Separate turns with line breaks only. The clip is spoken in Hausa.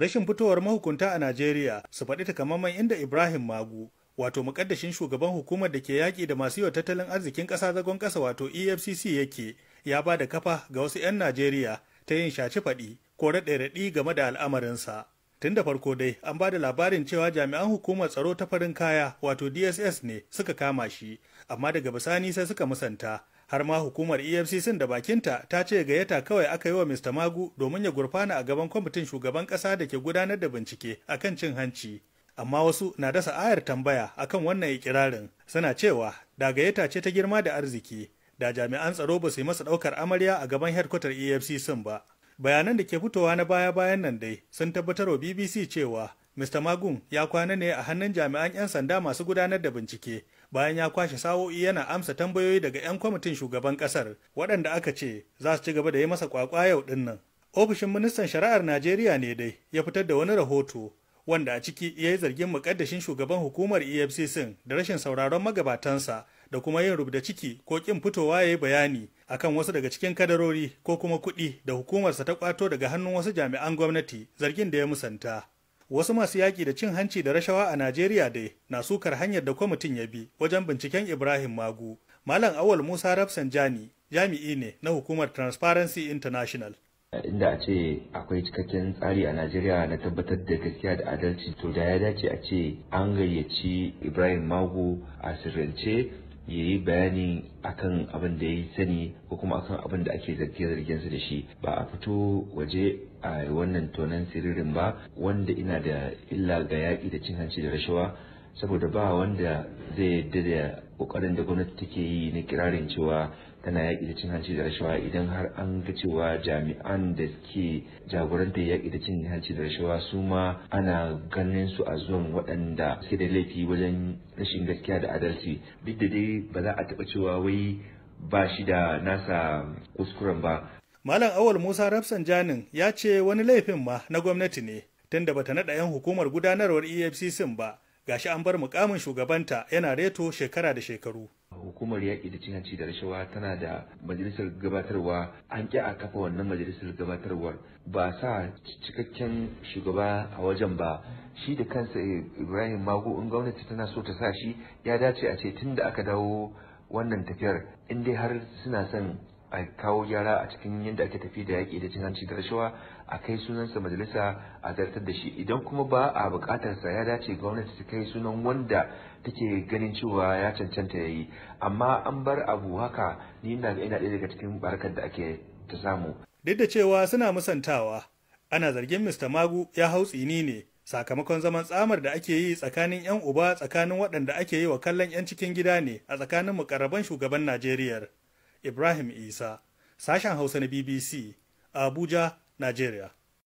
rashin fitowar mahukunta a najeriya su faɗi takamaiman inda ibrahim magu wato mukaddashin shugaban hukumar da ke yaƙi da masu yiwa tattalin arzikin ƙasa zagon ƙasa wato efcc yake ya ba da kafa ga wasu 'yan najeriya ta yin shaci faɗi ko raɗe-raɗi game da al'amarinsa tun da farko dai an ba da labarin cewa jami'an hukumar tsaro ta farin kaya wato dss ne suka kama shi amma daga bisani sai suka musanta har ma hukumar efcc da bakinta ta ce gayyata kawai aka yi wa mr magu domin ya gurfana a gaban kwamitin shugaban kasa da ke gudanar da bincike akan cin hanci amma wasu na dasa ayar tambaya akan wannan ikirarin suna cewa da gayyata ce ta girma da arziki da jami'an tsaro ba su yi masa ɗaukar amarya a gaban headquarter efcc ba bayanan da ke fitowa na baya-bayan nan dai sun tabbatar wa bbc cewa Mr. Magun ya kwana ne a hannun jami'an 'yan sanda masu gudanar da bincike bayan ya kwashe sa'o'i yana amsa tambayoyi daga 'yan kwamitin shugaban kasar waɗanda aka ce za su ci gaba da yi masa kwakwa yau ɗin nan. Ofishin ministan shari'ar Najeriya ne dai ya fitar da wani rahoto wanda a ciki ya yi zargin mukaddashin shugaban hukumar EFCC da rashin sauraron magabatansa da kuma yin rubda ciki ko kin fitowa ya yi bayani akan wasu daga cikin kadarori ko kuma kuɗi da hukumarsa ta kwato daga hannun wasu jami'an gwamnati zargin da ya musanta. wasu masu yaƙi da cin hanci da rashawa a najeriya dai na sukar hanyar da kwamitin ya bi wajen binciken ibrahim magu malam awal musa rafsanjani jami'i ne na hukumar transparency international
inda a ce akwai cikakken tsari a najeriya na tabbatar da gaskiya da adalci to da ya dace a ce an gayyaci ibrahim magu a sirrance ya yi bayani akan abin da ya sani ko kuma akan abin da ake zarge-zargen su da shi ba a fito waje a wannan tonan siririn ba wanda ina da illa ga yaƙi da cin hanci da rashawa saboda ba wanda zai yadda da Ƙoƙarin da gwamnati take yi na kirarin cewa tana yaƙi da cin hanci da rashawa idan har an ga cewa jami'an da ke jagorantar yaƙi da cin hanci da rashawa su ma ana ganin su a zuwan waɗanda suke da laifi wajen rashin gaskiya da adalci duk da dai ba za a taɓa cewa wai ba shi da nasa kuskuren ba.
Malam Awal Musa Rafsanjanin ya ce wani laifin ma na gwamnati ne tunda bata naɗa 'yan hukumar gudanarwar EFCC ba. gashi an bar mukamin shugabanta yana reto shekara da shekaru
hukumar yaƙi da cin hanci da rashawa tana da majalisar gabatarwa an ƙi a kafa wannan majalisar gabatarwar ba sa cikakken shugaba a wajen ba shi da kansa eh, ibrahim mago in gwamnati tana so ta sa shi ya dace a ce tun da aka dawo wannan tafiyar in dai har suna son a kawo gyara a cikin yadda ake tafi da yaƙi da cin hanci da rashawa a kai sunansa majalisa a zartar da shi idan kuma ba a buƙatar sa ya dace gwamnati ta kai sunan wanda take ganin cewa ya cancanta yayi amma an bar abu haka ni ina ga ina ɗaya daga cikin barkar da ake ta samu
duk da cewa suna musantawa ana zargin Mr. Magu ya hau tsini ne sakamakon zaman tsamar da ake yi tsakanin 'yan uba tsakanin waɗanda ake yi wa kallon 'yan cikin gida ne a tsakanin mukarraban shugaban Najeriya. Ibrahim Isa, sashen Hausa na BBC, Abuja, Nigeria.